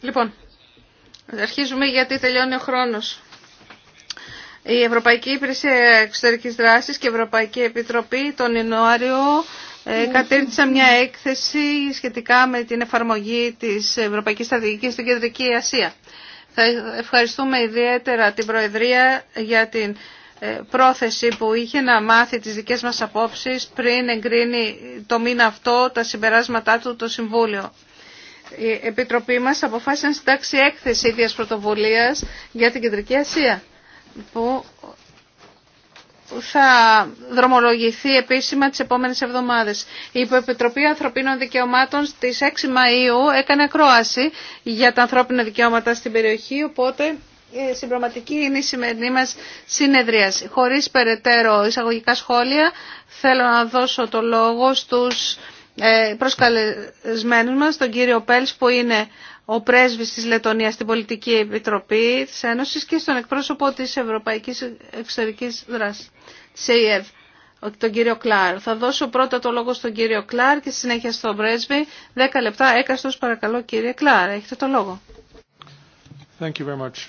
Λοιπόν, αρχίζουμε γιατί τελειώνει ο χρόνος. Η Ευρωπαϊκή Υπηρεσία Εξωτερικής Δράσης και η Ευρωπαϊκή Επιτροπή τον Ιανουάριο ε, κατήρτισαν μια έκθεση σχετικά με την εφαρμογή της Ευρωπαϊκής Στρατηγικής στην Κεντρική Ασία. Θα ευχαριστούμε ιδιαίτερα την Προεδρία για την ε, πρόθεση που είχε να μάθει τις δικές μας απόψεις πριν εγκρίνει το μήνα αυτό τα συμπεράσματά του το Συμβούλιο η Επιτροπή μας αποφάσισε να συντάξει έκθεση ίδιας πρωτοβουλίας για την Κεντρική Ασία που θα δρομολογηθεί επίσημα τις επόμενες εβδομάδες. Η Επιτροπή Ανθρωπίνων Δικαιωμάτων στις 6 Μαΐου έκανε ακρόαση για τα ανθρώπινα δικαιώματα στην περιοχή, οπότε ε, συμπροματική είναι η σημερινή μας συνεδρίαση. Χωρίς περαιτέρω εισαγωγικά σχόλια, θέλω να δώσω το λόγο στους ε, προσκαλεσμένους μας, τον κύριο Πέλς που είναι ο πρέσβης της Λετωνίας στην Πολιτική Επιτροπή της Ένωσης και στον εκπρόσωπο της Ευρωπαϊκής Εξωτερικής Δράσης, της ΕΕΒ, τον κύριο Κλάρ. Θα δώσω πρώτα το λόγο στον κύριο Κλάρ και στη συνέχεια στον πρέσβη. Δέκα λεπτά έκαστος παρακαλώ κύριε Κλάρ. Έχετε το λόγο. Thank you very much.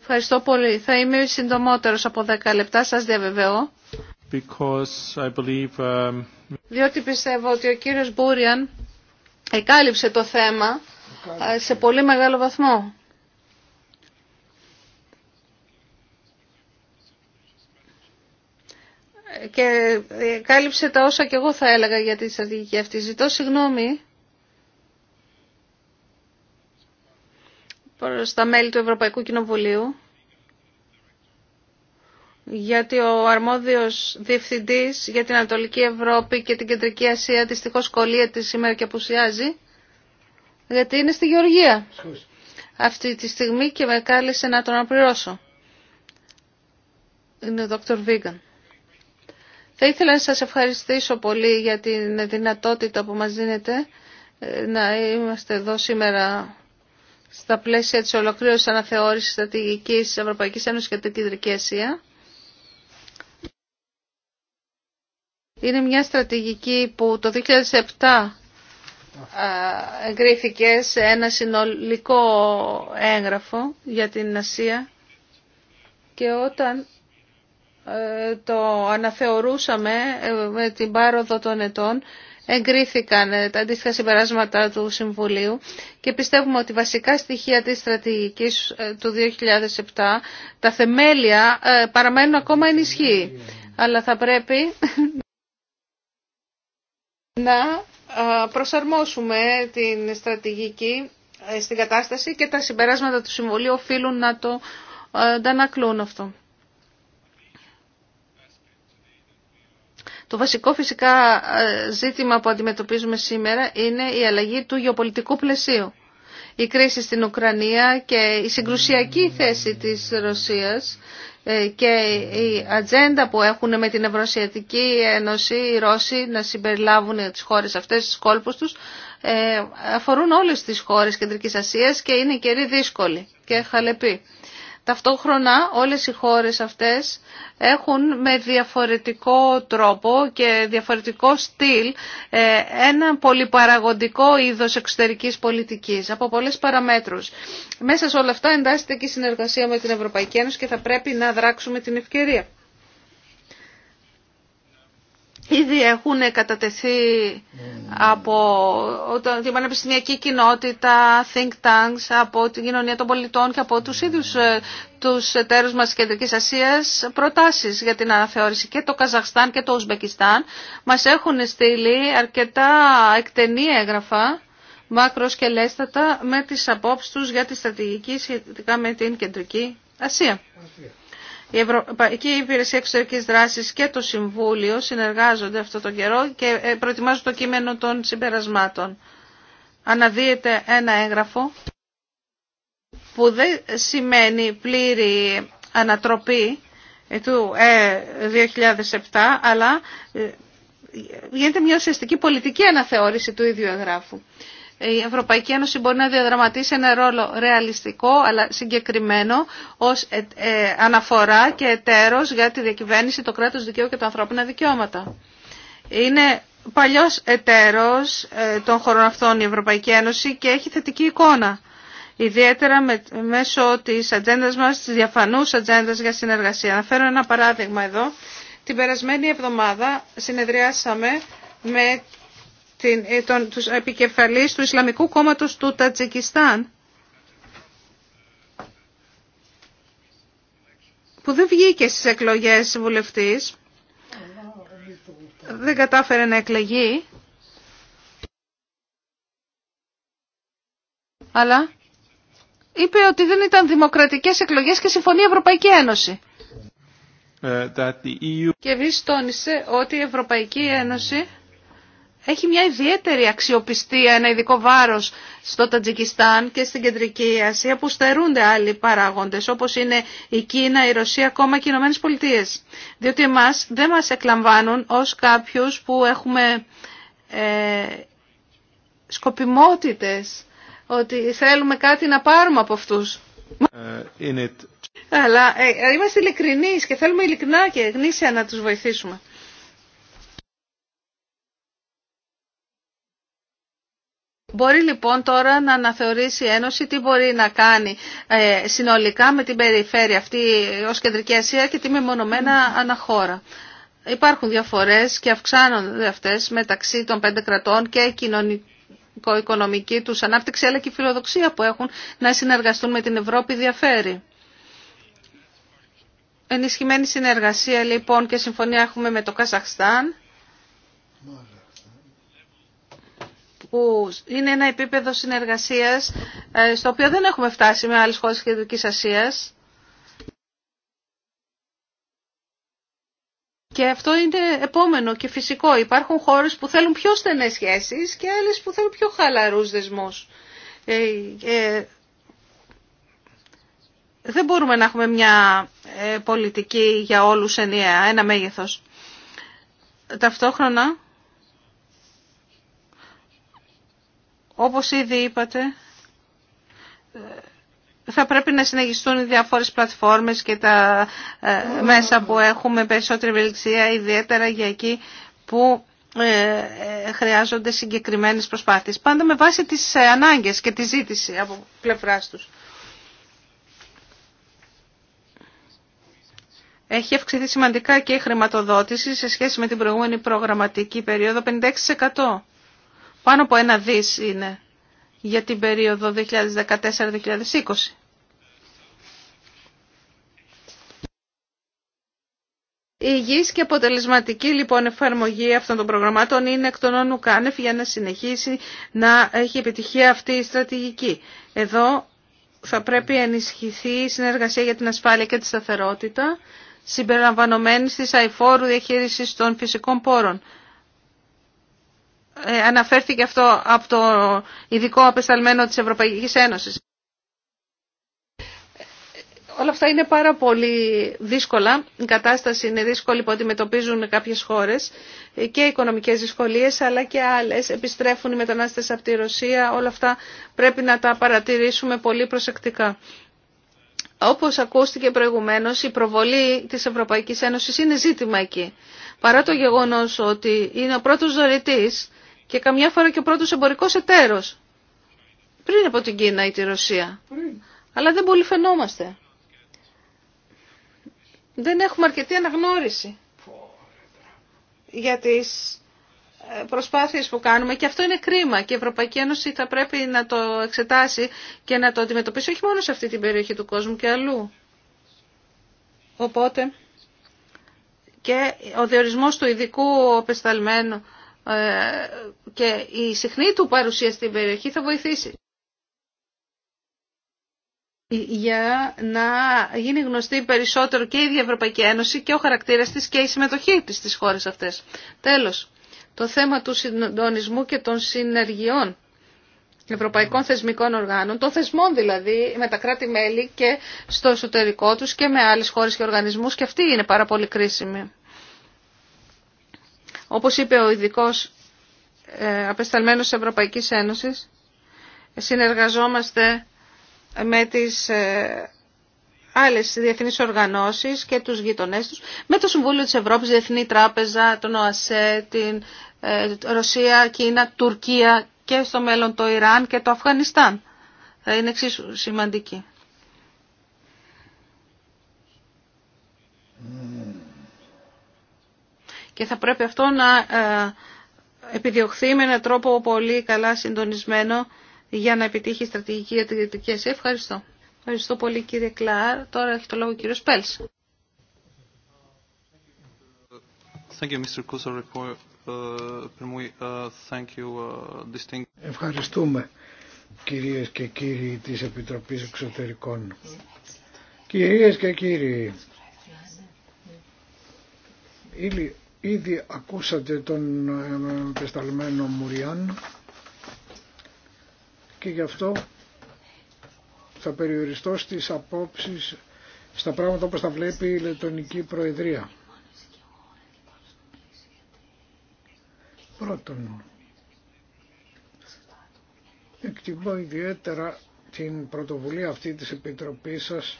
Ευχαριστώ πολύ. Θα είμαι συντομότερος από 10 λεπτά, σας διαβεβαιώ. Because I believe, um, διότι πιστεύω ότι ο κύριος Μπούριαν εκάλυψε το θέμα ε, σε πολύ μεγάλο βαθμό. Και ε, κάλυψε τα όσα και εγώ θα έλεγα για τη στρατηγική αυτή. Ζητώ συγγνώμη προς τα μέλη του Ευρωπαϊκού Κοινοβουλίου γιατί ο αρμόδιος διευθυντής για την Ανατολική Ευρώπη και την Κεντρική Ασία δυστυχώ κολλείεται σήμερα και απουσιάζει, γιατί είναι στη Γεωργία αυτή τη στιγμή και με κάλεσε να τον απληρώσω. Είναι ο Δόκτωρ Βίγκαν. Θα ήθελα να σας ευχαριστήσω πολύ για την δυνατότητα που μας δίνετε ε, να είμαστε εδώ σήμερα στα πλαίσια της ολοκλήρωσης αναθεώρησης στρατηγικής Ευρωπαϊκής Ένωσης και την Κεντρική Ασία. Είναι μια στρατηγική που το 2007 εγκρίθηκε σε ένα συνολικό έγγραφο για την Ασία και όταν ε, το αναθεωρούσαμε ε, με την πάροδο των ετών εγκρίθηκαν ε, τα αντίστοιχα συμπεράσματα του Συμβουλίου και πιστεύουμε ότι βασικά στοιχεία της στρατηγικής του 2007 τα θεμέλια παραμένουν ακόμα ενισχύει αλλά θα πρέπει να προσαρμόσουμε την στρατηγική ε, στην κατάσταση και τα συμπεράσματα του Συμβουλίου οφείλουν να το ε, αντανακλούν αυτό. Το βασικό φυσικά ε, ζήτημα που αντιμετωπίζουμε σήμερα είναι η αλλαγή του γεωπολιτικού πλαισίου. Η κρίση στην Ουκρανία και η συγκρουσιακή θέση της Ρωσίας ε, και η ατζέντα που έχουν με την Ευρωσιατική Ένωση οι Ρώσοι να συμπεριλάβουν τις χώρες αυτές, τις κόλπους τους, ε, αφορούν όλες τις χώρες Κεντρικής Ασίας και είναι καιροί δύσκολη και χαλεπή. Ταυτόχρονα όλες οι χώρες αυτές έχουν με διαφορετικό τρόπο και διαφορετικό στυλ ε, ένα πολυπαραγοντικό είδος εξωτερικής πολιτικής από πολλές παραμέτρους. Μέσα σε όλα αυτά εντάσσεται και η συνεργασία με την Ευρωπαϊκή Ένωση και θα πρέπει να δράξουμε την ευκαιρία ήδη έχουν κατατεθεί από την πανεπιστημιακή κοινότητα, think tanks, από την κοινωνία των πολιτών και από τους ίδιους ε, τους εταίρους μας της Κεντρικής Ασίας προτάσεις για την αναθεώρηση. Και το Καζαχστάν και το Ουσμπεκιστάν μας έχουν στείλει αρκετά εκτενή έγγραφα, μάκρος και λέστατα, με τις απόψεις τους για τη στρατηγική σχετικά με την Κεντρική Ασία. Ασία. Η Ευρωπαϊκή Υπηρεσία Εξωτερικής Δράσης και το Συμβούλιο συνεργάζονται αυτό το καιρό και ε, προετοιμάζουν το κείμενο των συμπερασμάτων. Αναδύεται ένα έγγραφο που δεν σημαίνει πλήρη ανατροπή ε, του 2007, ε, αλλά γίνεται μια ουσιαστική πολιτική αναθεώρηση του ίδιου εγγράφου η Ευρωπαϊκή Ένωση μπορεί να διαδραματίσει ένα ρόλο ρεαλιστικό αλλά συγκεκριμένο ως ε, ε, αναφορά και εταίρος για τη διακυβέρνηση, το κράτος δικαίου και τα ανθρώπινα δικαιώματα. Είναι παλιός εταίρος ε, των χωρών αυτών η Ευρωπαϊκή Ένωση και έχει θετική εικόνα. Ιδιαίτερα με, μέσω της ατζέντα μας, της διαφανούς ατζέντα για συνεργασία. φέρω ένα παράδειγμα εδώ. Την περασμένη εβδομάδα συνεδριάσαμε με την, ε, τον, τους επικεφαλής του Ισλαμικού κόμματος του Τατζικιστάν που δεν βγήκε στις εκλογές βουλευτής, δεν κατάφερε να εκλεγεί, αλλά είπε ότι δεν ήταν δημοκρατικές εκλογές και συμφωνεί η Ευρωπαϊκή Ένωση. Ε, e και τόνισε ότι η Ευρωπαϊκή Ένωση έχει μια ιδιαίτερη αξιοπιστία, ένα ειδικό βάρος στο Τατζικιστάν και στην Κεντρική Ασία που στερούνται άλλοι παράγοντες όπως είναι η Κίνα, η Ρωσία, ακόμα και οι Ηνωμένες Πολιτείες. Διότι εμάς δεν μας εκλαμβάνουν ως κάποιους που έχουμε ε, σκοπιμότητες ότι θέλουμε κάτι να πάρουμε από αυτούς. Ε, Αλλά ε, ε, είμαστε ειλικρινείς και θέλουμε ειλικρινά και γνήσια να τους βοηθήσουμε. Μπορεί λοιπόν τώρα να αναθεωρήσει η Ένωση τι μπορεί να κάνει ε, συνολικά με την περιφέρεια αυτή ως Κεντρική Ασία και τι μεμονωμένα αναχώρα. Υπάρχουν διαφορές και αυξάνονται αυτές μεταξύ των πέντε κρατών και κοινωνικο-οικονομική τους ανάπτυξη αλλά και η φιλοδοξία που έχουν να συνεργαστούν με την Ευρώπη διαφέρει. Ενισχυμένη συνεργασία λοιπόν και συμφωνία έχουμε με το Καζαχστάν που είναι ένα επίπεδο συνεργασίας ε, στο οποίο δεν έχουμε φτάσει με άλλες χώρες της Κεντρικής Ασίας. Και αυτό είναι επόμενο και φυσικό. Υπάρχουν χώρες που θέλουν πιο στενές σχέσεις και άλλες που θέλουν πιο χαλαρούς δεσμούς. Ε, ε, δεν μπορούμε να έχουμε μια πολιτική για όλους ενιαία, ένα μέγεθος. Ταυτόχρονα Όπως ήδη είπατε, ε, θα πρέπει να συνεχιστούν οι διάφορες πλατφόρμες και τα ε, μέσα που έχουμε περισσότερη ευελιξία, ιδιαίτερα για εκεί που ε, χρειάζονται συγκεκριμένες προσπάθειες. Πάντα με βάση τις ανάγκες και τη ζήτηση από πλευράς τους. Έχει αυξηθεί σημαντικά και η χρηματοδότηση σε σχέση με την προηγούμενη προγραμματική περίοδο 56%. Πάνω από ένα δις είναι για την περίοδο 2014-2020. Η υγιής και αποτελεσματική λοιπόν εφαρμογή αυτών των προγραμμάτων είναι εκ των όνου κάνευ για να συνεχίσει να έχει επιτυχία αυτή η στρατηγική. Εδώ θα πρέπει να ενισχυθεί η συνεργασία για την ασφάλεια και τη σταθερότητα συμπεριλαμβανόμένη της αηφόρου διαχείρισης των φυσικών πόρων. Ε, αναφέρθηκε αυτό από το ειδικό απεσταλμένο της Ευρωπαϊκής Ένωσης. Όλα αυτά είναι πάρα πολύ δύσκολα. Η κατάσταση είναι δύσκολη που αντιμετωπίζουν κάποιες χώρες και οικονομικές δυσκολίες αλλά και άλλες. Επιστρέφουν οι μετανάστες από τη Ρωσία. Όλα αυτά πρέπει να τα παρατηρήσουμε πολύ προσεκτικά. Όπως ακούστηκε προηγουμένως, η προβολή της Ευρωπαϊκής Ένωσης είναι ζήτημα εκεί. Παρά το γεγονός ότι είναι ο πρώτος δωρητής και καμιά φορά και ο πρώτος εμπορικός εταίρος. Πριν από την Κίνα ή τη Ρωσία. Αλλά δεν πολύ φαινόμαστε. Δεν έχουμε αρκετή αναγνώριση για τις ε, προσπάθειες που κάνουμε και αυτό είναι κρίμα και η Ευρωπαϊκή Ένωση θα πρέπει να το εξετάσει και να το αντιμετωπίσει όχι μόνο σε αυτή την περιοχή του κόσμου και αλλού. Οπότε και ο διορισμός του ειδικού απεσταλμένου. Ε, και η συχνή του παρουσία στην περιοχή θα βοηθήσει για να γίνει γνωστή περισσότερο και η ίδια Ευρωπαϊκή Ένωση και ο χαρακτήρας της και η συμμετοχή της στις χώρες αυτές. Τέλος, το θέμα του συντονισμού και των συνεργειών ευρωπαϊκών θεσμικών οργάνων, των θεσμών δηλαδή με τα κράτη-μέλη και στο εσωτερικό τους και με άλλες χώρες και οργανισμούς και αυτή είναι πάρα πολύ κρίσιμη. Όπως είπε ο ειδικό ε, απεσταλμένος της Ευρωπαϊκής Ένωσης, συνεργαζόμαστε με τις ε, άλλες διεθνείς οργανώσεις και τους γειτονές τους, με το Συμβούλιο της Ευρώπης, Διεθνή Τράπεζα, τον ΟΑΣΕ, την ε, Ρωσία, Κίνα, Τουρκία και στο μέλλον το Ιράν και το Αφγανιστάν. Θα είναι εξίσου σημαντική. και θα πρέπει αυτό να ε, επιδιωχθεί με έναν τρόπο πολύ καλά συντονισμένο για να επιτύχει η στρατηγική για την Ευχαριστώ. Ευχαριστώ πολύ κύριε Κλάρ. Τώρα έχει το λόγο ο κύριος Πέλς. Ευχαριστούμε κυρίες και κύριοι της Επιτροπής Εξωτερικών. Κυρίες και κύριοι, Ήδη ακούσατε τον ε, πεσταλμένο Μουριάν και γι' αυτό θα περιοριστώ στις απόψεις, στα πράγματα όπως τα βλέπει η Λετωνική Προεδρία. Πρώτον, εκτιμώ ιδιαίτερα την πρωτοβουλία αυτή της Επιτροπής σας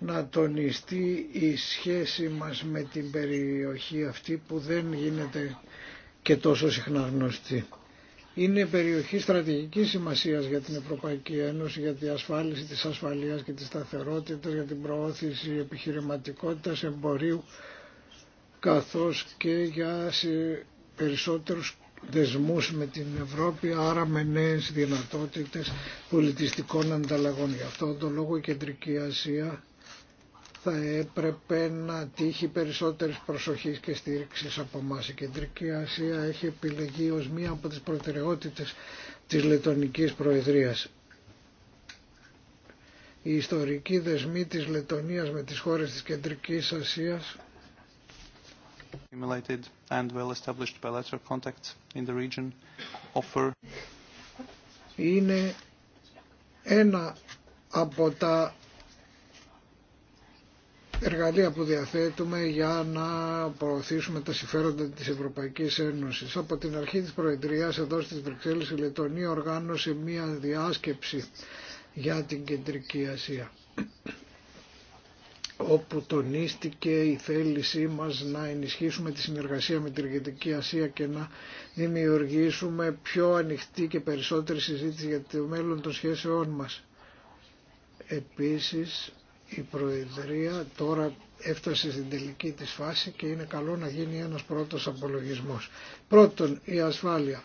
να τονιστεί η σχέση μας με την περιοχή αυτή που δεν γίνεται και τόσο συχνά γνωστή. Είναι περιοχή στρατηγικής σημασίας για την Ευρωπαϊκή Ένωση, για την ασφάλιση της ασφαλείας και της σταθερότητας, για την προώθηση επιχειρηματικότητας, εμπορίου, καθώς και για περισσότερους δεσμούς με την Ευρώπη, άρα με νέες δυνατότητες πολιτιστικών ανταλλαγών. Γι' αυτό τον λόγο η Κεντρική Ασία θα έπρεπε να τύχει περισσότερης προσοχής και στήριξης από εμά. Η Κεντρική Ασία έχει επιλεγεί ως μία από τις προτεραιότητες της Λετωνικής Προεδρίας. Η ιστορική δεσμή της Λετωνίας με τις χώρες της Κεντρικής Ασίας the είναι ένα από τα εργαλεία που διαθέτουμε για να προωθήσουμε τα συμφέροντα της Ευρωπαϊκής Ένωσης. Από την αρχή της Προεδρία εδώ στις Βρυξέλλες η Λετωνία οργάνωσε μία διάσκεψη για την Κεντρική Ασία όπου τονίστηκε η θέλησή μας να ενισχύσουμε τη συνεργασία με την Κεντρική Ασία και να δημιουργήσουμε πιο ανοιχτή και περισσότερη συζήτηση για το μέλλον των σχέσεών μας. Επίσης, η Προεδρία τώρα έφτασε στην τελική της φάση και είναι καλό να γίνει ένας πρώτος απολογισμός. Πρώτον, η ασφάλεια.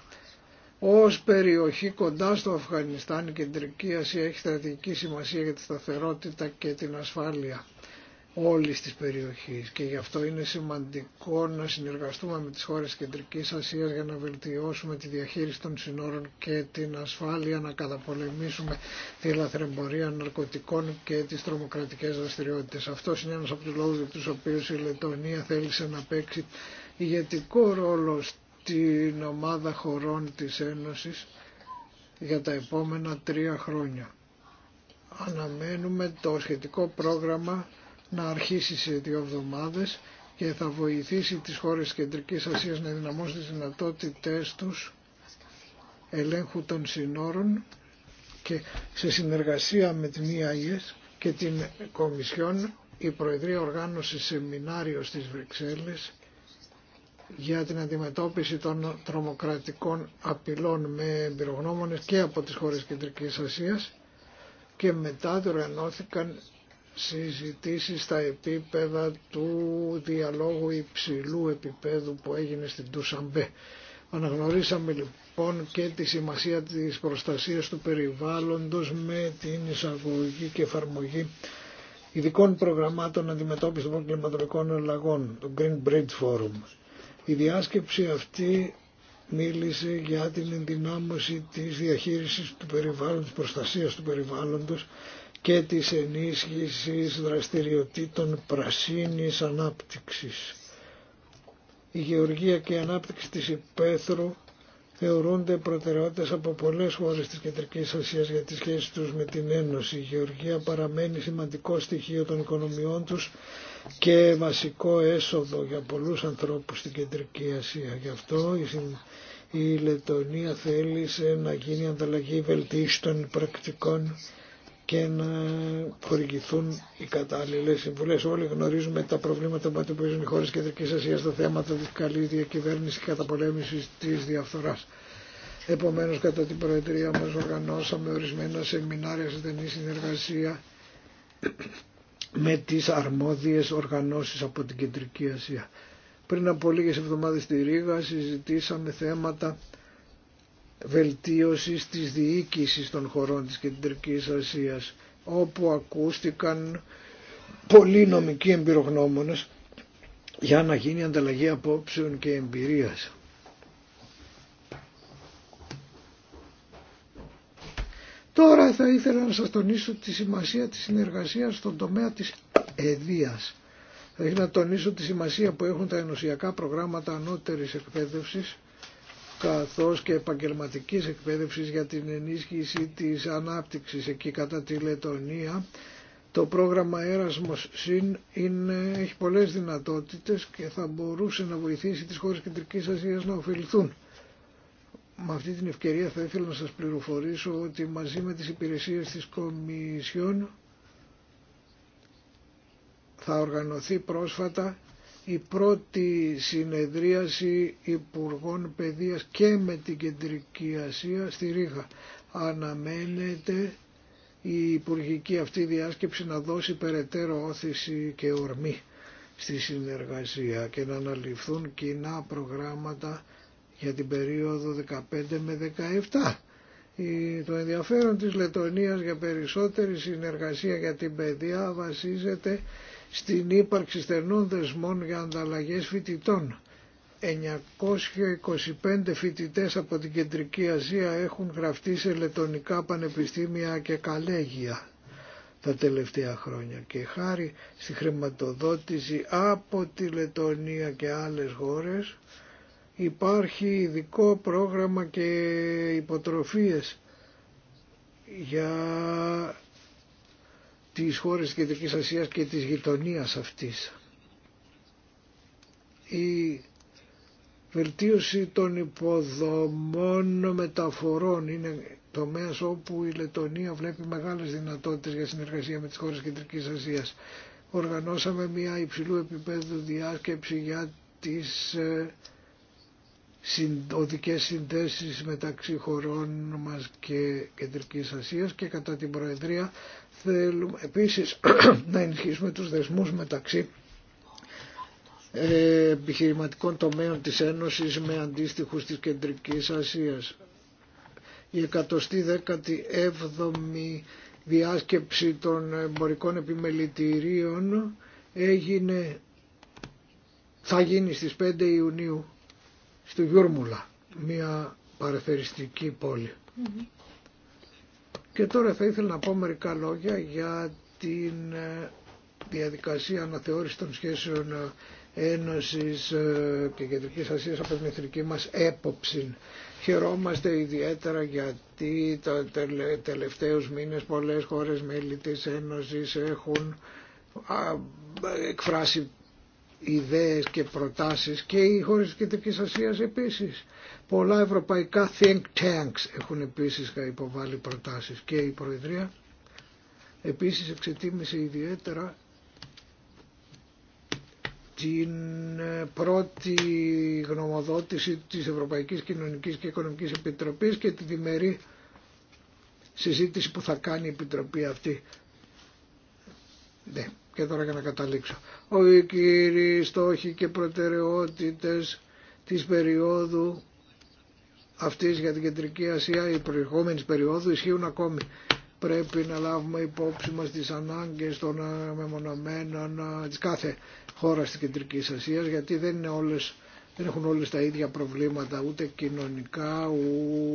Ως περιοχή κοντά στο Αφγανιστάν η Κεντρική Ασία έχει στρατηγική σημασία για τη σταθερότητα και την ασφάλεια όλης της περιοχής και γι' αυτό είναι σημαντικό να συνεργαστούμε με τις χώρες Κεντρικής Ασίας για να βελτιώσουμε τη διαχείριση των συνόρων και την ασφάλεια, να καταπολεμήσουμε τη λαθρεμπορία ναρκωτικών και τις τρομοκρατικές δραστηριότητες. Αυτό είναι ένας από τους λόγους για τους οποίους η Λετωνία θέλησε να παίξει ηγετικό ρόλο στην ομάδα χωρών της Ένωσης για τα επόμενα τρία χρόνια. Αναμένουμε το σχετικό πρόγραμμα να αρχίσει σε δύο εβδομάδες και θα βοηθήσει τις χώρες της Κεντρικής Ασίας να δυναμώσουν τις δυνατότητές τους ελέγχου των συνόρων και σε συνεργασία με την ΙΑΙΕΣ και την Κομισιόν η Προεδρία οργάνωσε σεμινάριο στις Βρυξέλλες για την αντιμετώπιση των τρομοκρατικών απειλών με εμπειρογνώμονες και από τις χώρες Κεντρικής Ασίας και μετά διοργανώθηκαν συζητήσει στα επίπεδα του διαλόγου υψηλού επίπεδου που έγινε στην Τουσαμπέ. Αναγνωρίσαμε λοιπόν και τη σημασία της προστασίας του περιβάλλοντος με την εισαγωγή και εφαρμογή ειδικών προγραμμάτων αντιμετώπισης των κλιματολογικών αλλαγών, το Green Bridge Forum. Η διάσκεψη αυτή μίλησε για την ενδυνάμωση της διαχείρισης του περιβάλλοντος, προστασίας του περιβάλλοντος και της ενίσχυσης δραστηριοτήτων πρασίνης ανάπτυξης. Η γεωργία και η ανάπτυξη της υπαίθρου θεωρούνται προτεραιότητες από πολλές χώρες της Κεντρικής Ασίας για τις σχέσεις τους με την Ένωση. Η γεωργία παραμένει σημαντικό στοιχείο των οικονομιών τους και βασικό έσοδο για πολλούς ανθρώπους στην Κεντρική Ασία. Γι' αυτό η Λετωνία θέλησε να γίνει ανταλλαγή βελτίστων πρακτικών και να χορηγηθούν οι κατάλληλε συμβουλέ. Όλοι γνωρίζουμε τα προβλήματα που αντιμετωπίζουν οι χώρε Κεντρική Ασία στα θέματα τη καλή διακυβέρνηση και καταπολέμησης της διαφθοράς. Επομένως, κατά την Προεδρία μα οργανώσαμε ορισμένα σεμινάρια σε στενή συνεργασία με τι αρμόδιε οργανώσει από την Κεντρική Ασία. Πριν από λίγε εβδομάδε στη Ρήγα συζητήσαμε θέματα βελτίωσης της διοίκησης των χωρών της Κεντρικής Ασίας όπου ακούστηκαν πολλοί νομικοί εμπειρογνώμονες για να γίνει ανταλλαγή απόψεων και εμπειρίας. Τώρα θα ήθελα να σας τονίσω τη σημασία της συνεργασίας στον τομέα της εδίας. Θα ήθελα να τονίσω τη σημασία που έχουν τα ενωσιακά προγράμματα ανώτερης εκπαίδευσης καθώς και επαγγελματικής εκπαίδευσης για την ενίσχυση της ανάπτυξης εκεί κατά τη Λετωνία. Το πρόγραμμα Erasmus Συν είναι, έχει πολλές δυνατότητες και θα μπορούσε να βοηθήσει τις χώρες Κεντρικής Ασίας να ωφεληθούν. Με αυτή την ευκαιρία θα ήθελα να σας πληροφορήσω ότι μαζί με τις υπηρεσίες της Κομισιόν θα οργανωθεί πρόσφατα η πρώτη συνεδρίαση Υπουργών Παιδείας και με την Κεντρική Ασία στη Ρήγα. Αναμένεται η υπουργική αυτή διάσκεψη να δώσει περαιτέρω όθηση και ορμή στη συνεργασία και να αναλυφθούν κοινά προγράμματα για την περίοδο 15 με 17. Το ενδιαφέρον της Λετωνίας για περισσότερη συνεργασία για την παιδεία βασίζεται στην ύπαρξη στενών δεσμών για ανταλλαγές φοιτητών. 925 φοιτητές από την Κεντρική Ασία έχουν γραφτεί σε λετονικά πανεπιστήμια και καλέγια τα τελευταία χρόνια και χάρη στη χρηματοδότηση από τη Λετωνία και άλλες χώρες υπάρχει ειδικό πρόγραμμα και υποτροφίες για της χώρες της Κεντρικής Ασίας και της γειτονίας αυτής. Η βελτίωση των υποδομών μεταφορών είναι τομέας όπου η Λετωνία βλέπει μεγάλες δυνατότητες για συνεργασία με τις χώρες της Κεντρικής Ασίας. Οργανώσαμε μια υψηλού επίπεδου διάσκεψη για τις ε, οδικές συνδέσεις μεταξύ χωρών μας και Κεντρικής Ασίας και κατά την Προεδρία θέλουμε επίσης να ενισχύσουμε τους δεσμούς μεταξύ ε, επιχειρηματικών τομέων της Ένωσης με αντίστοιχους της Κεντρικής Ασίας. Η 117η διάσκεψη των εμπορικών επιμελητηρίων έγινε, θα γίνει στις 5 Ιουνίου στη Γιούρμουλα, μια παρεθεριστική πόλη. Και τώρα θα ήθελα να πω μερικά λόγια για την ε, διαδικασία αναθεώρησης των σχέσεων ε, Ένωσης ε, και Κεντρικής Ασίας από την εθνική μας έποψη. Χαιρόμαστε ιδιαίτερα γιατί τα τελευταίους μήνες πολλές χώρες μέλη της Ένωσης έχουν εκφράσει ιδέες και προτάσεις και οι χώρες της Κεντρικής Ασίας επίσης. Πολλά ευρωπαϊκά think tanks έχουν επίσης υποβάλει προτάσεις και η Προεδρία επίσης εξετίμησε ιδιαίτερα την πρώτη γνωμοδότηση της Ευρωπαϊκής Κοινωνικής και Οικονομικής Επιτροπής και τη διμερή συζήτηση που θα κάνει η Επιτροπή αυτή ναι, και τώρα για να καταλήξω. Ο κύριοι στόχοι και προτεραιότητες της περίοδου αυτής για την Κεντρική Ασία, η προηγούμενης περίοδου, ισχύουν ακόμη. Πρέπει να λάβουμε υπόψη μας τις ανάγκες των μεμονωμένων ε, τη κάθε χώρα της Κεντρικής Ασίας, γιατί δεν είναι όλες δεν έχουν όλες τα ίδια προβλήματα ούτε κοινωνικά,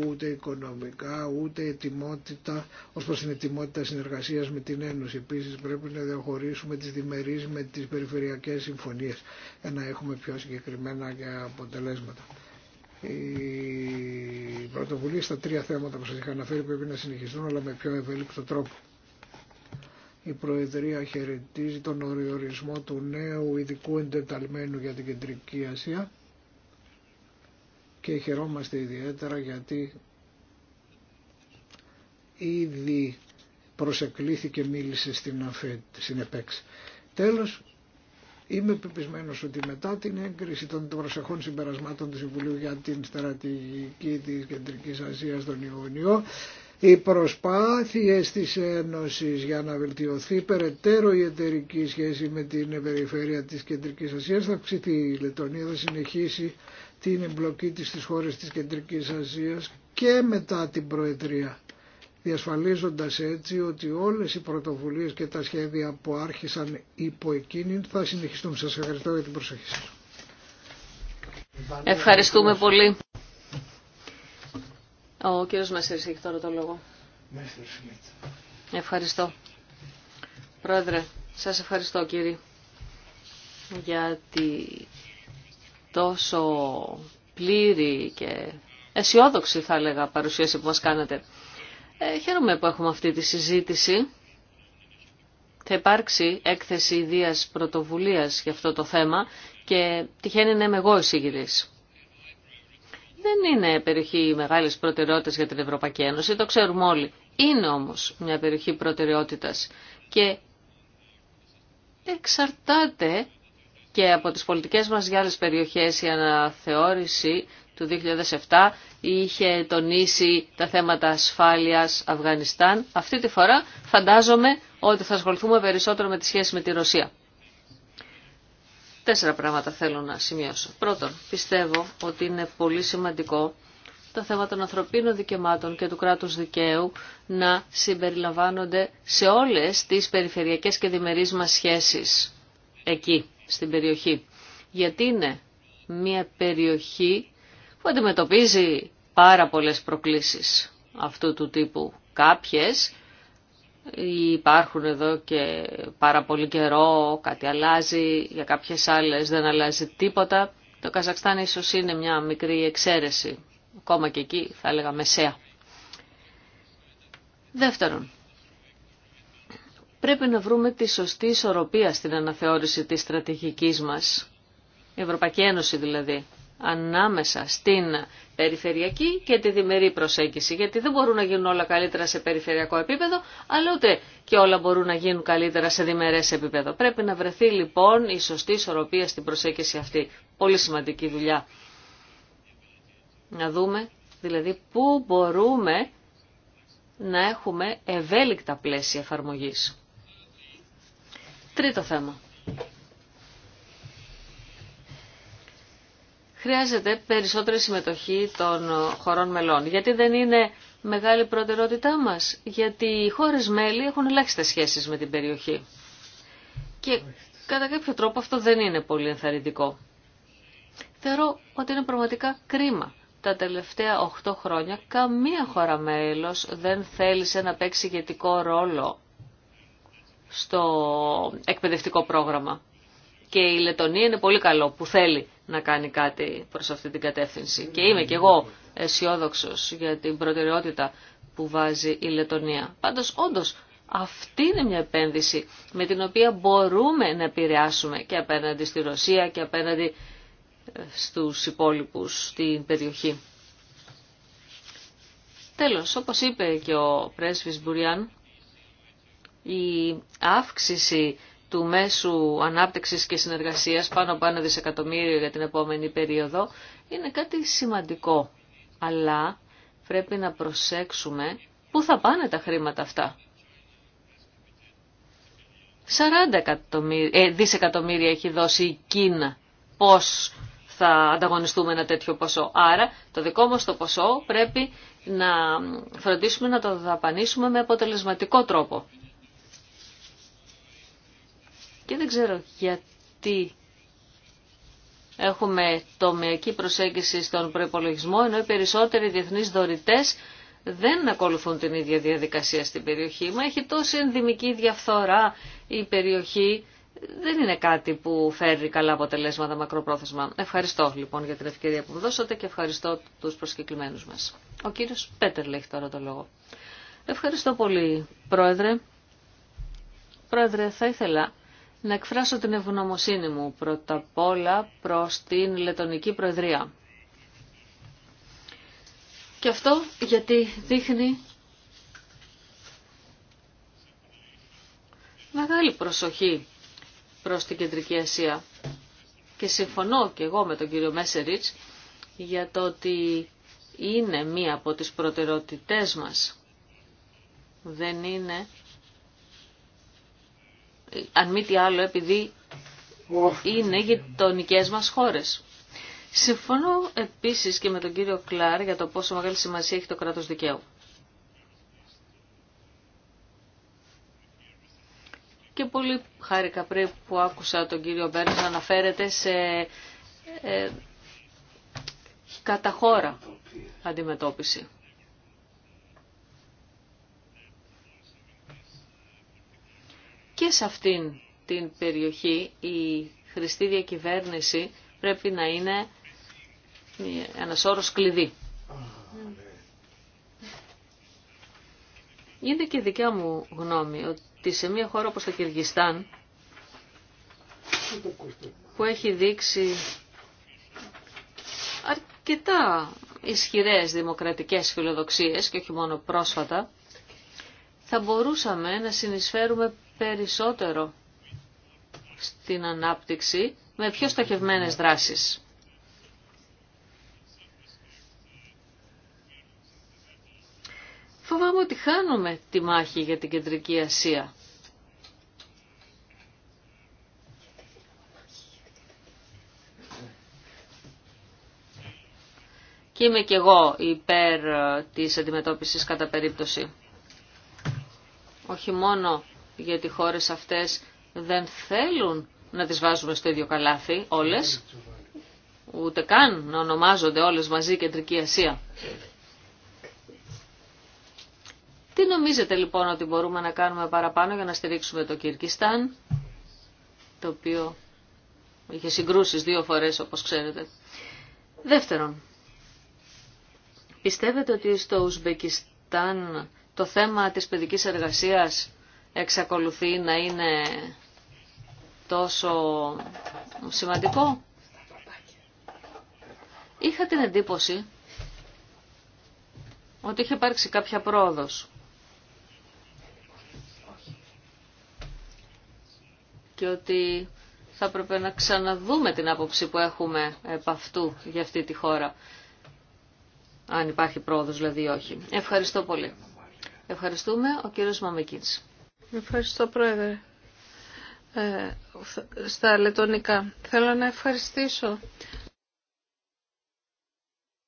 ούτε οικονομικά, ούτε ετοιμότητα ως προς την ετοιμότητα συνεργασίας με την Ένωση. Επίσης πρέπει να διαχωρίσουμε τις διμερείς με τις περιφερειακές συμφωνίες για να έχουμε πιο συγκεκριμένα και αποτελέσματα. Οι πρωτοβουλίε στα τρία θέματα που σας είχα αναφέρει πρέπει να συνεχιστούν αλλά με πιο ευέλικτο τρόπο. Η Προεδρία χαιρετίζει τον οριορισμό του νέου ειδικού εντεταλμένου για την Κεντρική Ασία και χαιρόμαστε ιδιαίτερα γιατί ήδη προσεκλήθηκε μίλησε στην, ΑΦΕ, στην ΕΠΕΞ. Τέλος, είμαι πεπισμένος ότι μετά την έγκριση των προσεχών συμπερασμάτων του Συμβουλίου για την στρατηγική της Κεντρικής Ασίας τον Ιουνιό, οι προσπάθειες της Ένωσης για να βελτιωθεί περαιτέρω η εταιρική σχέση με την περιφέρεια της Κεντρικής Ασίας θα αυξηθεί. Η Λετωνία θα συνεχίσει την εμπλοκή της στις χώρες της Κεντρικής Ασίας και μετά την Προεδρία διασφαλίζοντας έτσι ότι όλες οι πρωτοβουλίες και τα σχέδια που άρχισαν υπό εκείνη θα συνεχιστούν. Σας ευχαριστώ για την προσοχή σας. Ευχαριστούμε πολύ. Ο κύριος Μέσσερς έχει τώρα το λόγο. Ευχαριστώ. Πρόεδρε, σας ευχαριστώ κύριε για τόσο πλήρη και αισιόδοξη θα έλεγα παρουσίαση που μας κάνατε. Ε, χαίρομαι που έχουμε αυτή τη συζήτηση. Θα υπάρξει έκθεση ιδίας πρωτοβουλίας για αυτό το θέμα και τυχαίνει να είμαι εγώ εισηγητής. Δεν είναι περιοχή μεγάλης προτεραιότητας για την Ευρωπαϊκή Ένωση, το ξέρουμε όλοι. Είναι όμως μια περιοχή προτεραιότητας και εξαρτάται και από τις πολιτικές μας για άλλες περιοχές η αναθεώρηση του 2007 είχε τονίσει τα θέματα ασφάλειας Αφγανιστάν. Αυτή τη φορά φαντάζομαι ότι θα ασχοληθούμε περισσότερο με τη σχέση με τη Ρωσία. Τέσσερα πράγματα θέλω να σημειώσω. Πρώτον, πιστεύω ότι είναι πολύ σημαντικό τα θέματα των ανθρωπίνων δικαιωμάτων και του κράτους δικαίου να συμπεριλαμβάνονται σε όλες τις περιφερειακές και διμερείς μας σχέσεις εκεί στην περιοχή. Γιατί είναι μια περιοχή που αντιμετωπίζει πάρα πολλές προκλήσεις αυτού του τύπου. Κάποιες υπάρχουν εδώ και πάρα πολύ καιρό, κάτι αλλάζει, για κάποιες άλλες δεν αλλάζει τίποτα. Το Καζακστάν ίσως είναι μια μικρή εξαίρεση, ακόμα και εκεί θα έλεγα μεσαία. Δεύτερον, πρέπει να βρούμε τη σωστή ισορροπία στην αναθεώρηση της στρατηγικής μας. Η Ευρωπαϊκή Ένωση δηλαδή, ανάμεσα στην περιφερειακή και τη διμερή προσέγγιση. Γιατί δεν μπορούν να γίνουν όλα καλύτερα σε περιφερειακό επίπεδο, αλλά ούτε και όλα μπορούν να γίνουν καλύτερα σε διμερές επίπεδο. Πρέπει να βρεθεί λοιπόν η σωστή ισορροπία στην προσέγγιση αυτή. Πολύ σημαντική δουλειά. Να δούμε δηλαδή πού μπορούμε να έχουμε ευέλικτα πλαίσια εφαρμογής. Τρίτο θέμα. Χρειάζεται περισσότερη συμμετοχή των χωρών μελών. Γιατί δεν είναι μεγάλη προτεραιότητά μας. Γιατί οι χώρες μέλη έχουν ελάχιστες σχέσεις με την περιοχή. Και κατά κάποιο τρόπο αυτό δεν είναι πολύ ενθαρρυντικό. Θεωρώ ότι είναι πραγματικά κρίμα. Τα τελευταία 8 χρόνια καμία χώρα μέλος δεν θέλησε να παίξει ηγετικό ρόλο στο εκπαιδευτικό πρόγραμμα. Και η Λετωνία είναι πολύ καλό που θέλει να κάνει κάτι προς αυτή την κατεύθυνση. Και είμαι κι εγώ αισιόδοξο για την προτεραιότητα που βάζει η Λετωνία. Πάντως όντως αυτή είναι μια επένδυση με την οποία μπορούμε να επηρεάσουμε και απέναντι στη Ρωσία και απέναντι ε, στους υπόλοιπους στην περιοχή. Τέλος, όπως είπε και ο πρέσβης Μπουριάν, η αύξηση του μέσου ανάπτυξης και συνεργασίας πάνω από ένα δισεκατομμύριο για την επόμενη περίοδο είναι κάτι σημαντικό. Αλλά πρέπει να προσέξουμε πού θα πάνε τα χρήματα αυτά. 40 ε, δισεκατομμύρια έχει δώσει η Κίνα. Πώς θα ανταγωνιστούμε ένα τέτοιο ποσό. Άρα το δικό μας το ποσό πρέπει να φροντίσουμε να το δαπανίσουμε με αποτελεσματικό τρόπο. Και δεν ξέρω γιατί έχουμε τομεακή προσέγγιση στον προπολογισμό, ενώ οι περισσότεροι διεθνείς δωρητές δεν ακολουθούν την ίδια διαδικασία στην περιοχή. Μα έχει τόση ενδυμική διαφθορά η περιοχή. Δεν είναι κάτι που φέρει καλά αποτελέσματα μακροπρόθεσμα. Ευχαριστώ λοιπόν για την ευκαιρία που μου δώσατε και ευχαριστώ τους προσκεκλημένους μας. Ο κύριος Πέτερ λέει τώρα το λόγο. Ευχαριστώ πολύ πρόεδρε. Πρόεδρε θα ήθελα να εκφράσω την ευγνωμοσύνη μου πρώτα απ' όλα προς την Λετωνική Προεδρία. Και αυτό γιατί δείχνει μεγάλη προσοχή προς την Κεντρική Ασία. Και συμφωνώ και εγώ με τον κύριο Μέσεριτς για το ότι είναι μία από τις προτεραιότητές μας. Δεν είναι αν μη τι άλλο επειδή είναι γειτονικέ μας χώρες. Συμφωνώ επίσης και με τον κύριο Κλάρ για το πόσο μεγάλη σημασία έχει το κράτος δικαίου. Και πολύ χάρηκα πριν που άκουσα τον κύριο Μπέρντ να αναφέρεται σε ε, καταχώρα αντιμετώπιση. και σε αυτήν την περιοχή η χρηστή διακυβέρνηση πρέπει να είναι ένα όρο κλειδί. Είναι και δικιά μου γνώμη ότι σε μια χώρα όπως το Κυργιστάν που έχει δείξει αρκετά ισχυρές δημοκρατικές φιλοδοξίες και όχι μόνο πρόσφατα θα μπορούσαμε να συνεισφέρουμε περισσότερο στην ανάπτυξη με πιο στοχευμένες δράσεις. Φοβάμαι ότι χάνουμε τη μάχη για την Κεντρική Ασία. Και είμαι και εγώ υπέρ ε, της αντιμετώπισης κατά περίπτωση. Όχι μόνο γιατί οι χώρες αυτές δεν θέλουν να τις βάζουμε στο ίδιο καλάθι όλες, ούτε καν να ονομάζονται όλες μαζί Κεντρική Ασία. Τι νομίζετε λοιπόν ότι μπορούμε να κάνουμε παραπάνω για να στηρίξουμε το Κυρκιστάν, το οποίο είχε συγκρούσεις δύο φορές όπως ξέρετε. Δεύτερον, πιστεύετε ότι στο Ουσμπεκιστάν το θέμα της παιδικής εργασίας εξακολουθεί να είναι τόσο σημαντικό. Είχα την εντύπωση ότι είχε υπάρξει κάποια πρόοδος. Και ότι θα έπρεπε να ξαναδούμε την άποψη που έχουμε επ' αυτού για αυτή τη χώρα. Αν υπάρχει πρόοδος δηλαδή ή όχι. Ευχαριστώ πολύ. Ευχαριστούμε ο κύριος Μαμικίνς. Ευχαριστώ Πρόεδρε. Ε, στα λετωνικά. Θέλω να ευχαριστήσω.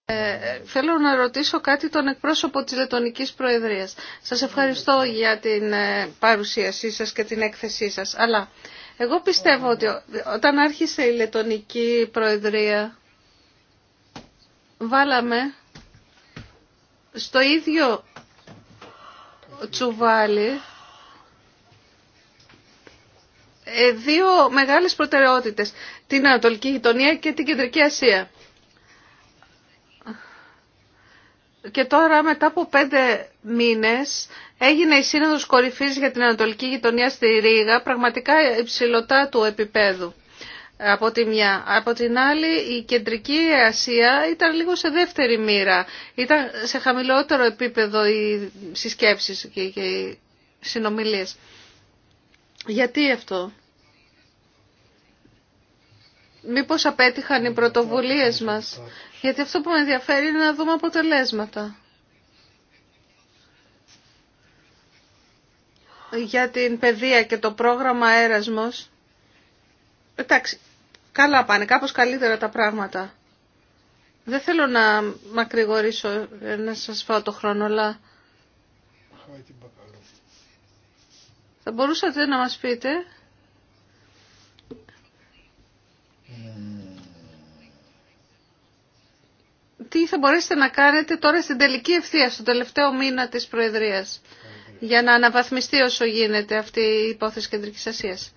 Ε, θέλω να ρωτήσω κάτι τον εκπρόσωπο της Λετωνικής Προεδρίας. Σας ευχαριστώ για την ε, παρουσίασή σας και την έκθεσή σας. Αλλά εγώ πιστεύω ότι όταν άρχισε η Λετωνική Προεδρία βάλαμε στο ίδιο τσουβάλι ε, δύο μεγάλες προτεραιότητες, την Ανατολική Γειτονία και την Κεντρική Ασία. Και τώρα μετά από πέντε μήνες έγινε η Σύνοδος Κορυφής για την Ανατολική Γειτονία στη Ρήγα, πραγματικά υψηλωτά του επίπεδου. Από, τη μια. από την άλλη η κεντρική Ασία ήταν λίγο σε δεύτερη μοίρα. Ήταν σε χαμηλότερο επίπεδο οι συσκέψεις και οι συνομιλίες. Γιατί αυτό. Μήπως απέτυχαν οι πρωτοβουλίες μας. Γιατί αυτό που με ενδιαφέρει είναι να δούμε αποτελέσματα. Για την παιδεία και το πρόγραμμα έρασμος. Εντάξει, καλά πάνε, κάπως καλύτερα τα πράγματα. Δεν θέλω να μακρηγορήσω, να σας φάω το χρόνο, αλλά θα μπορούσατε να μας πείτε τι θα μπορέσετε να κάνετε τώρα στην τελική ευθεία, στο τελευταίο μήνα της Προεδρίας, για να αναβαθμιστεί όσο γίνεται αυτή η υπόθεση Κεντρικής Ασίας.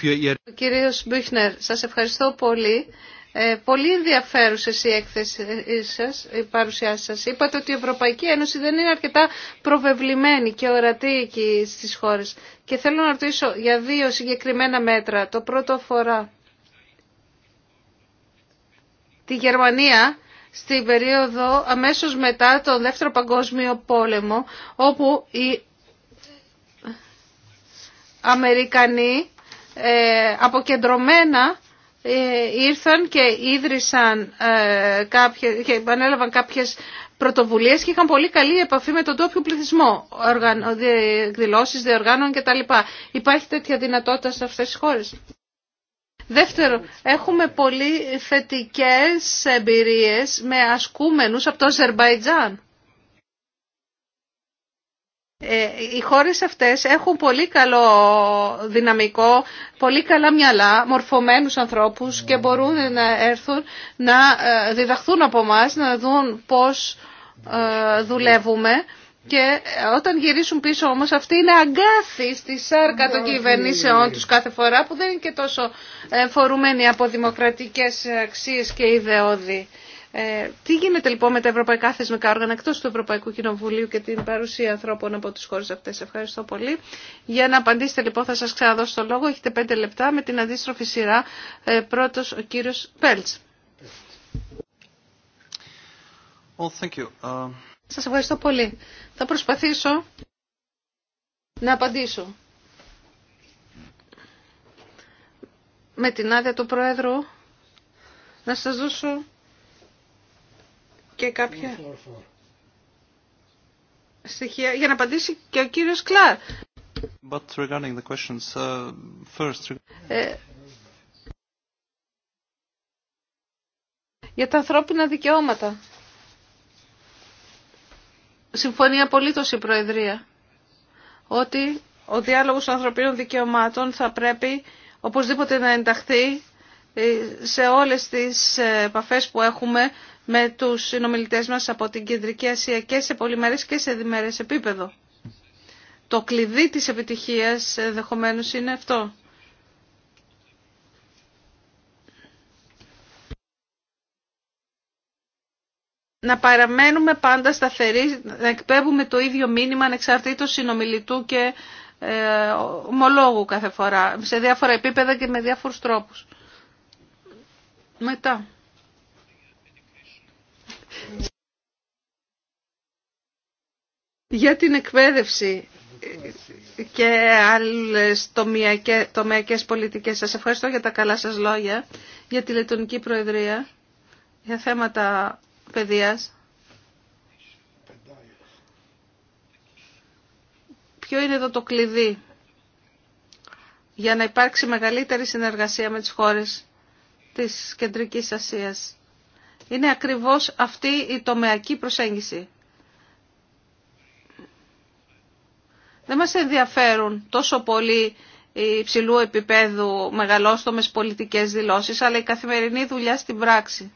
Κύριο κύριος Μπίχνερ, σας ευχαριστώ πολύ ε, πολύ ενδιαφέρουσε η έκθεση σας, η παρουσιάση σας. Είπατε ότι η Ευρωπαϊκή Ένωση δεν είναι αρκετά προβεβλημένη και ορατή εκεί στις χώρες. Και θέλω να ρωτήσω για δύο συγκεκριμένα μέτρα. Το πρώτο αφορά τη Γερμανία στην περίοδο αμέσως μετά τον Δεύτερο Παγκόσμιο Πόλεμο, όπου οι Αμερικανοί ε, αποκεντρωμένα ε, ήρθαν και ίδρυσαν ε, κάποιες, και ανέλαβαν κάποιες πρωτοβουλίες και είχαν πολύ καλή επαφή με τον τόπιο πληθυσμό, εκδηλώσεις, διοργάνων κτλ. Υπάρχει τέτοια δυνατότητα σε αυτές τις χώρες. Δεύτερο, έχουμε πολύ θετικές εμπειρίες με ασκούμενους από το Αζερβαϊτζάν. Ε, οι χώρες αυτές έχουν πολύ καλό δυναμικό, πολύ καλά μυαλά, μορφωμένους ανθρώπους και μπορούν να έρθουν να ε, διδαχθούν από μας, να δουν πώς ε, δουλεύουμε. Και όταν γυρίσουν πίσω όμως αυτοί είναι αγκάθη στη σάρκα των κυβερνήσεών τους κάθε φορά που δεν είναι και τόσο φορουμένοι από δημοκρατικές αξίες και ιδεώδη. Ε, τι γίνεται λοιπόν με τα ευρωπαϊκά θεσμικά όργανα εκτός του Ευρωπαϊκού Κοινοβουλίου και την παρουσία ανθρώπων από τις χώρες αυτές. Ευχαριστώ πολύ. Για να απαντήσετε λοιπόν θα σας ξαναδώσω το λόγο. Έχετε πέντε λεπτά με την αντίστροφη σειρά. Ε, πρώτος ο κύριος Πέλτς. Well, uh, Σας ευχαριστώ πολύ. Θα προσπαθήσω να απαντήσω. Με την άδεια του Πρόεδρου να σας δώσω και κάποια στοιχεία για να απαντήσει και ο κύριος Κλάρ. But regarding the questions, uh, first... Ε, για τα ανθρώπινα δικαιώματα. Συμφωνεί απολύτως η Προεδρία ότι ο διάλογος των ανθρωπίνων δικαιωμάτων θα πρέπει οπωσδήποτε να ενταχθεί ε, σε όλες τις ε, επαφές που έχουμε με τους συνομιλητέ μας από την Κεντρική Ασία και σε πολυμερέ και σε διμερέ επίπεδο. Το κλειδί της επιτυχίας ενδεχομένω είναι αυτό. Να παραμένουμε πάντα σταθεροί, να εκπέμπουμε το ίδιο μήνυμα ανεξαρτήτως συνομιλητού και ε, ομολόγου κάθε φορά, σε διάφορα επίπεδα και με διάφορους τρόπους. Μετά. για την εκπαίδευση και άλλες τομεακές πολιτικές. Σας ευχαριστώ για τα καλά σας λόγια για τη Λετωνική Προεδρία για θέματα παιδείας. Ποιο είναι εδώ το κλειδί για να υπάρξει μεγαλύτερη συνεργασία με τις χώρες της Κεντρικής Ασίας. Είναι ακριβώς αυτή η τομεακή προσέγγιση. Δεν μας ενδιαφέρουν τόσο πολύ υψηλού επίπεδου μεγαλόστομες πολιτικές δηλώσεις, αλλά η καθημερινή δουλειά στην πράξη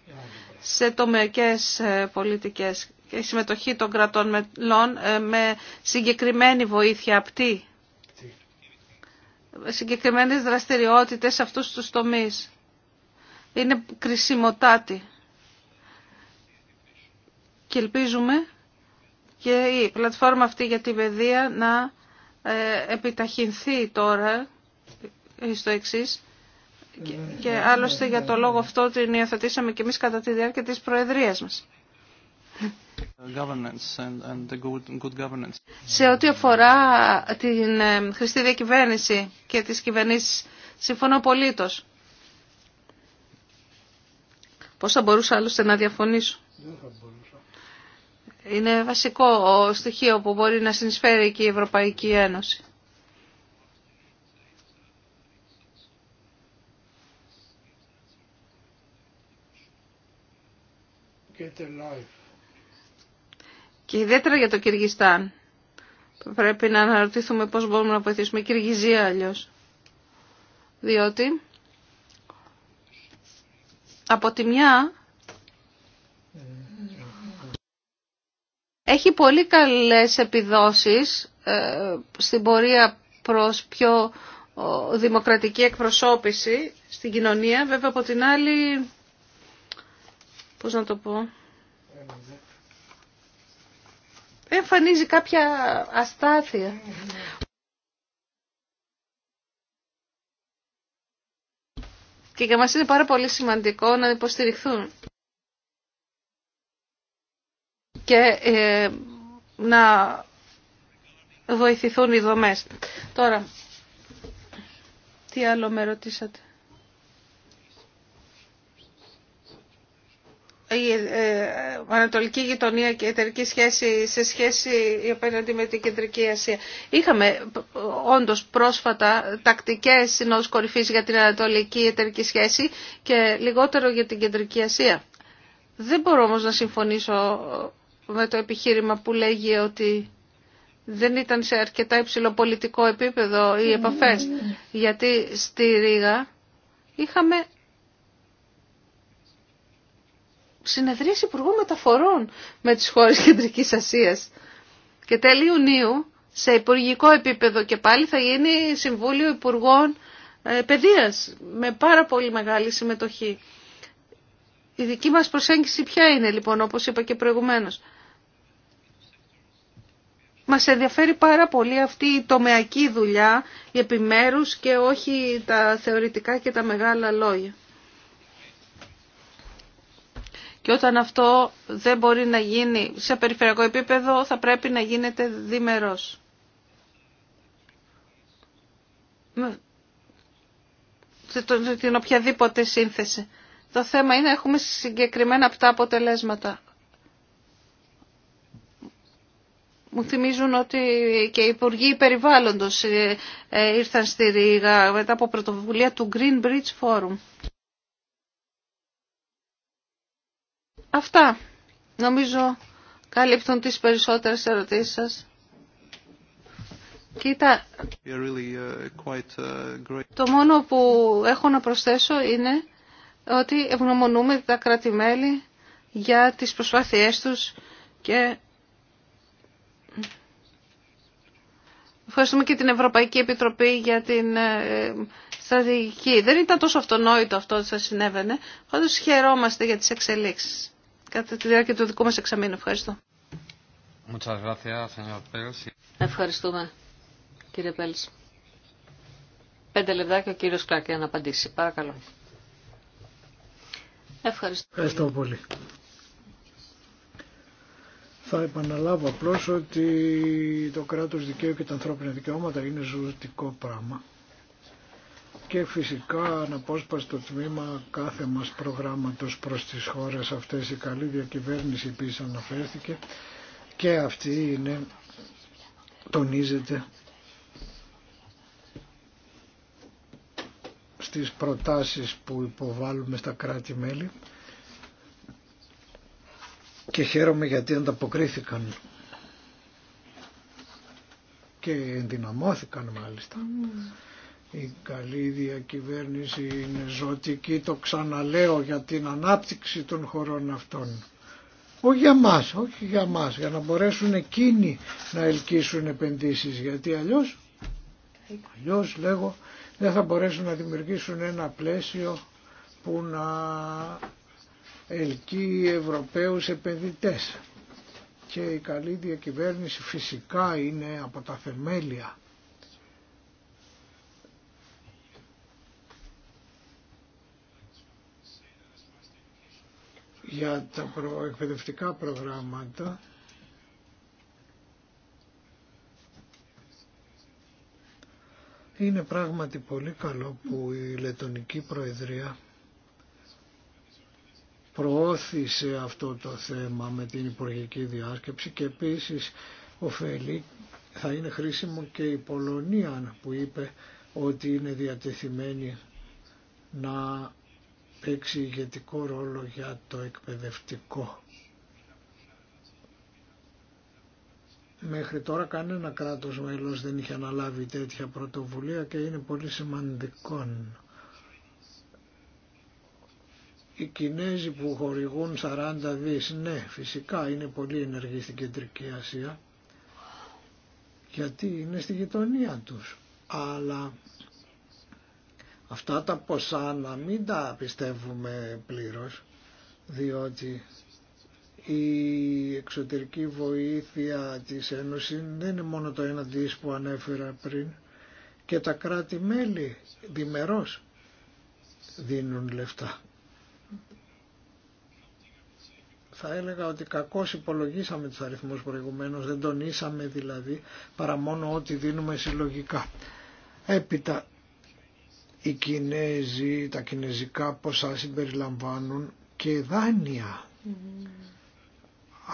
σε τομεακές ε, πολιτικές και η συμμετοχή των κρατών μελών ε, με συγκεκριμένη βοήθεια τι συγκεκριμένες δραστηριότητες σε αυτούς τους τομείς. Είναι κρισιμοτάτη. Και ελπίζουμε και η πλατφόρμα αυτή για την παιδεία να ε, επιταχυνθεί τώρα ε, στο εξή, και, άλλωστε για το λόγο αυτό την υιοθετήσαμε και εμείς κατά τη διάρκεια της Προεδρίας μας. Σε ό,τι αφορά την ε, χρηστή διακυβέρνηση και τις κυβερνήσεις, συμφωνώ απολύτως. Πώς θα μπορούσα άλλωστε να διαφωνήσω. Είναι βασικό στοιχείο που μπορεί να συνεισφέρει και η Ευρωπαϊκή Ένωση. Και ιδιαίτερα για το Κυργιστάν. Πρέπει να αναρωτηθούμε πώς μπορούμε να βοηθήσουμε η Κυργιζία αλλιώς. Διότι από τη μια έχει πολύ καλές επιδόσεις ε, στην πορεία προς πιο δημοκρατική εκπροσώπηση στην κοινωνία. Βέβαια από την άλλη, πώς να το πω, εμφανίζει κάποια αστάθεια. Και για μας είναι πάρα πολύ σημαντικό να υποστηριχθούν και ε, να βοηθηθούν οι δομές. Τώρα, τι άλλο με ρωτήσατε. η ε, ανατολική γειτονία και η εταιρική σχέση σε σχέση απέναντι με την Κεντρική Ασία. Είχαμε όντως πρόσφατα τακτικές συνόδους κορυφής για την ανατολική εταιρική σχέση και λιγότερο για την Κεντρική Ασία. Δεν μπορώ όμως να συμφωνήσω με το επιχείρημα που λέγει ότι δεν ήταν σε αρκετά υψηλό επίπεδο οι επαφές. Γιατί στη Ρήγα είχαμε συνεδρίες Υπουργού Μεταφορών με τις χώρες Κεντρικής Ασίας. Και τέλη Ιουνίου, σε υπουργικό επίπεδο και πάλι θα γίνει Συμβούλιο Υπουργών ε, Παιδείας με πάρα πολύ μεγάλη συμμετοχή. Η δική μας προσέγγιση ποια είναι λοιπόν, όπως είπα και προηγουμένως. Μας ενδιαφέρει πάρα πολύ αυτή η τομεακή δουλειά, η επιμέρους και όχι τα θεωρητικά και τα μεγάλα λόγια. Και όταν αυτό δεν μπορεί να γίνει σε περιφερειακό επίπεδο, θα πρέπει να γίνεται διμερός. Σε την οποιαδήποτε σύνθεση. Το θέμα είναι έχουμε συγκεκριμένα αυτά αποτελέσματα. Μου θυμίζουν ότι και οι Υπουργοί Περιβάλλοντος ε, ε, ήρθαν στη Ρήγα μετά από πρωτοβουλία του Green Bridge Forum. Αυτά νομίζω καλύπτουν τις περισσότερες ερωτήσεις σας. Κοίτα, uh, uh, το μόνο που έχω να προσθέσω είναι ότι ευγνωμονούμε τα κράτη-μέλη για τις προσπάθειές τους και Ευχαριστούμε και την Ευρωπαϊκή Επιτροπή για την ε, στρατηγική. Δεν ήταν τόσο αυτονόητο αυτό ότι θα συνέβαινε. Πάντως χαιρόμαστε για τις εξελίξεις. Κατά τη διάρκεια του δικού μας εξαμήνου. Ευχαριστώ. Ευχαριστούμε, κύριε Πέλς. Πέντε λεπτά και ο κύριος Κλάκη να απαντήσει. Παρακαλώ. Ευχαριστώ. Ευχαριστώ πολύ. Θα επαναλάβω απλώ ότι το κράτος δικαίου και τα ανθρώπινα δικαιώματα είναι ζωτικό πράγμα και φυσικά αναπόσπαστο τμήμα κάθε μας προγράμματος προς τις χώρες αυτές η καλή διακυβέρνηση επίσης αναφέρθηκε και αυτή είναι τονίζεται στις προτάσεις που υποβάλλουμε στα κράτη-μέλη και χαίρομαι γιατί ανταποκρίθηκαν και ενδυναμώθηκαν μάλιστα. Mm. Η καλή διακυβέρνηση είναι ζωτική, το ξαναλέω, για την ανάπτυξη των χωρών αυτών. Όχι για μας, όχι για μας, για να μπορέσουν εκείνοι να ελκύσουν επενδύσεις, γιατί αλλιώς, αλλιώς λέγω, δεν θα μπορέσουν να δημιουργήσουν ένα πλαίσιο που να ελκύει Ευρωπαίους επενδυτές. Και η καλή διακυβέρνηση φυσικά είναι από τα θεμέλια για τα εκπαιδευτικά προγράμματα είναι πράγματι πολύ καλό που η Λετωνική Προεδρία προώθησε αυτό το θέμα με την υπουργική διάσκεψη και επίσης ωφελεί, θα είναι χρήσιμο και η Πολωνία που είπε ότι είναι διατεθειμένη να παίξει ηγετικό ρόλο για το εκπαιδευτικό. Μέχρι τώρα κανένα κράτος μέλος δεν είχε αναλάβει τέτοια πρωτοβουλία και είναι πολύ σημαντικό οι Κινέζοι που χορηγούν 40 δις, ναι, φυσικά είναι πολύ ενεργοί στην Κεντρική Ασία, γιατί είναι στη γειτονία τους. Αλλά αυτά τα ποσά να μην τα πιστεύουμε πλήρως, διότι η εξωτερική βοήθεια της Ένωσης δεν είναι μόνο το ένα δις που ανέφερα πριν και τα κράτη-μέλη διμερώς δίνουν λεφτά θα έλεγα ότι κακώς υπολογίσαμε τους αριθμούς προηγουμένως, δεν τονίσαμε δηλαδή παρά μόνο ότι δίνουμε συλλογικά. Έπειτα οι Κινέζοι, τα κινέζικα ποσά συμπεριλαμβάνουν και δάνεια.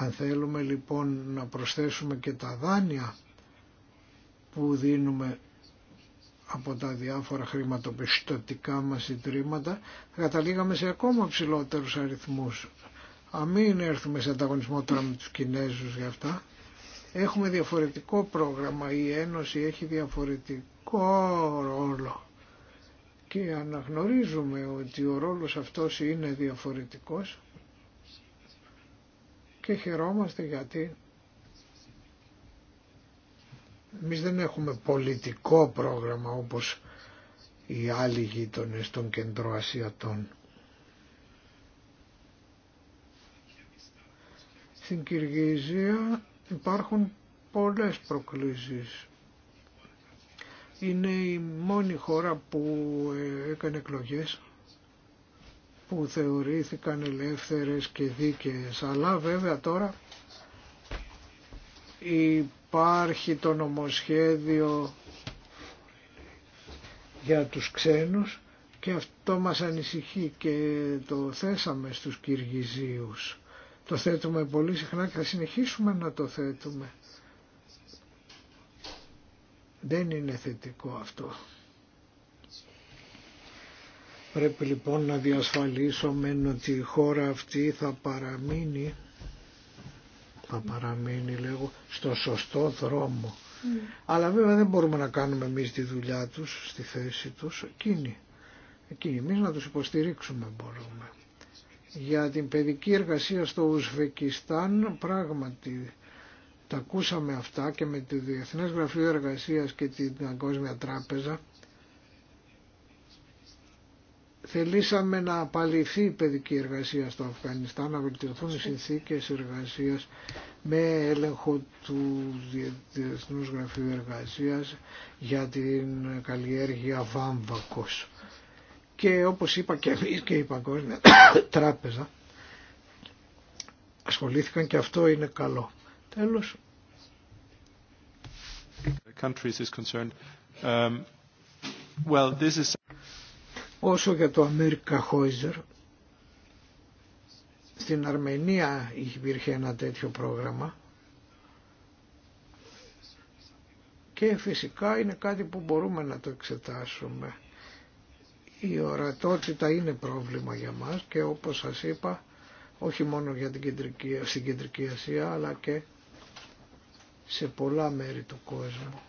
Αν θέλουμε λοιπόν να προσθέσουμε και τα δάνεια που δίνουμε από τα διάφορα χρηματοπιστωτικά μας ιδρύματα, καταλήγαμε σε ακόμα ψηλότερους αριθμούς. Α μην έρθουμε σε ανταγωνισμό τώρα με τους Κινέζους για αυτά. Έχουμε διαφορετικό πρόγραμμα, η Ένωση έχει διαφορετικό ρόλο και αναγνωρίζουμε ότι ο ρόλος αυτός είναι διαφορετικός και χαιρόμαστε γιατί εμεί δεν έχουμε πολιτικό πρόγραμμα όπως οι άλλοι γείτονες των κεντροασιατών. Στην Κυργίζια υπάρχουν πολλές προκλήσεις. Είναι η μόνη χώρα που ε, έκανε εκλογές που θεωρήθηκαν ελεύθερες και δίκαιες. Αλλά βέβαια τώρα υπάρχει το νομοσχέδιο για τους ξένους και αυτό μας ανησυχεί και το θέσαμε στους Κυργιζίους το θέτουμε πολύ συχνά και θα συνεχίσουμε να το θέτουμε. Δεν είναι θετικό αυτό. Πρέπει λοιπόν να διασφαλίσουμε ότι η χώρα αυτή θα παραμείνει θα παραμείνει λέγω στο σωστό δρόμο. Ναι. Αλλά βέβαια δεν μπορούμε να κάνουμε εμεί τη δουλειά τους, στη θέση τους, εκείνοι. Εκείνοι εμείς να τους υποστηρίξουμε μπορούμε για την παιδική εργασία στο Ουσβεκιστάν πράγματι τα ακούσαμε αυτά και με το Διεθνές Γραφείο Εργασίας και την Παγκόσμια Τράπεζα θελήσαμε να απαλληθεί η παιδική εργασία στο Αφγανιστάν, να βελτιωθούν οι συνθήκες εργασίας με έλεγχο του Διεθνούς Γραφείου Εργασίας για την καλλιέργεια βάμβακος και όπως είπα και εμεί και η Παγκόσμια Τράπεζα ασχολήθηκαν και αυτό είναι καλό. Τέλος. Um, Όσο για το Αμέρικα Χόιζερ, στην Αρμενία υπήρχε ένα τέτοιο πρόγραμμα και φυσικά είναι κάτι που μπορούμε να το εξετάσουμε. Η ορατότητα είναι πρόβλημα για μας και όπως σας είπα όχι μόνο για την κεντρική, στην Κεντρική Ασία αλλά και σε πολλά μέρη του κόσμου.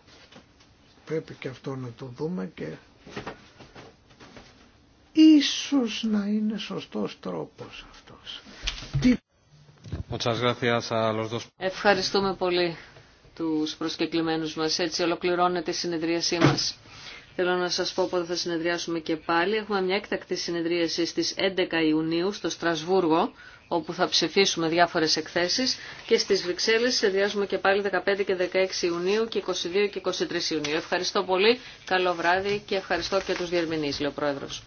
Πρέπει και αυτό να το δούμε και ίσως να είναι σωστός τρόπος αυτός. Ευχαριστούμε πολύ τους προσκεκλημένους μας. Έτσι ολοκληρώνεται η συνεδρίασή μας. Θέλω να σας πω πότε θα συνεδριάσουμε και πάλι. Έχουμε μια έκτακτη συνεδρίαση στις 11 Ιουνίου στο Στρασβούργο, όπου θα ψηφίσουμε διάφορες εκθέσεις και στις Βρυξέλλες συνεδριάζουμε και πάλι 15 και 16 Ιουνίου και 22 και 23 Ιουνίου. Ευχαριστώ πολύ, καλό βράδυ και ευχαριστώ και τους διερμηνείς, λέει ο Πρόεδρος.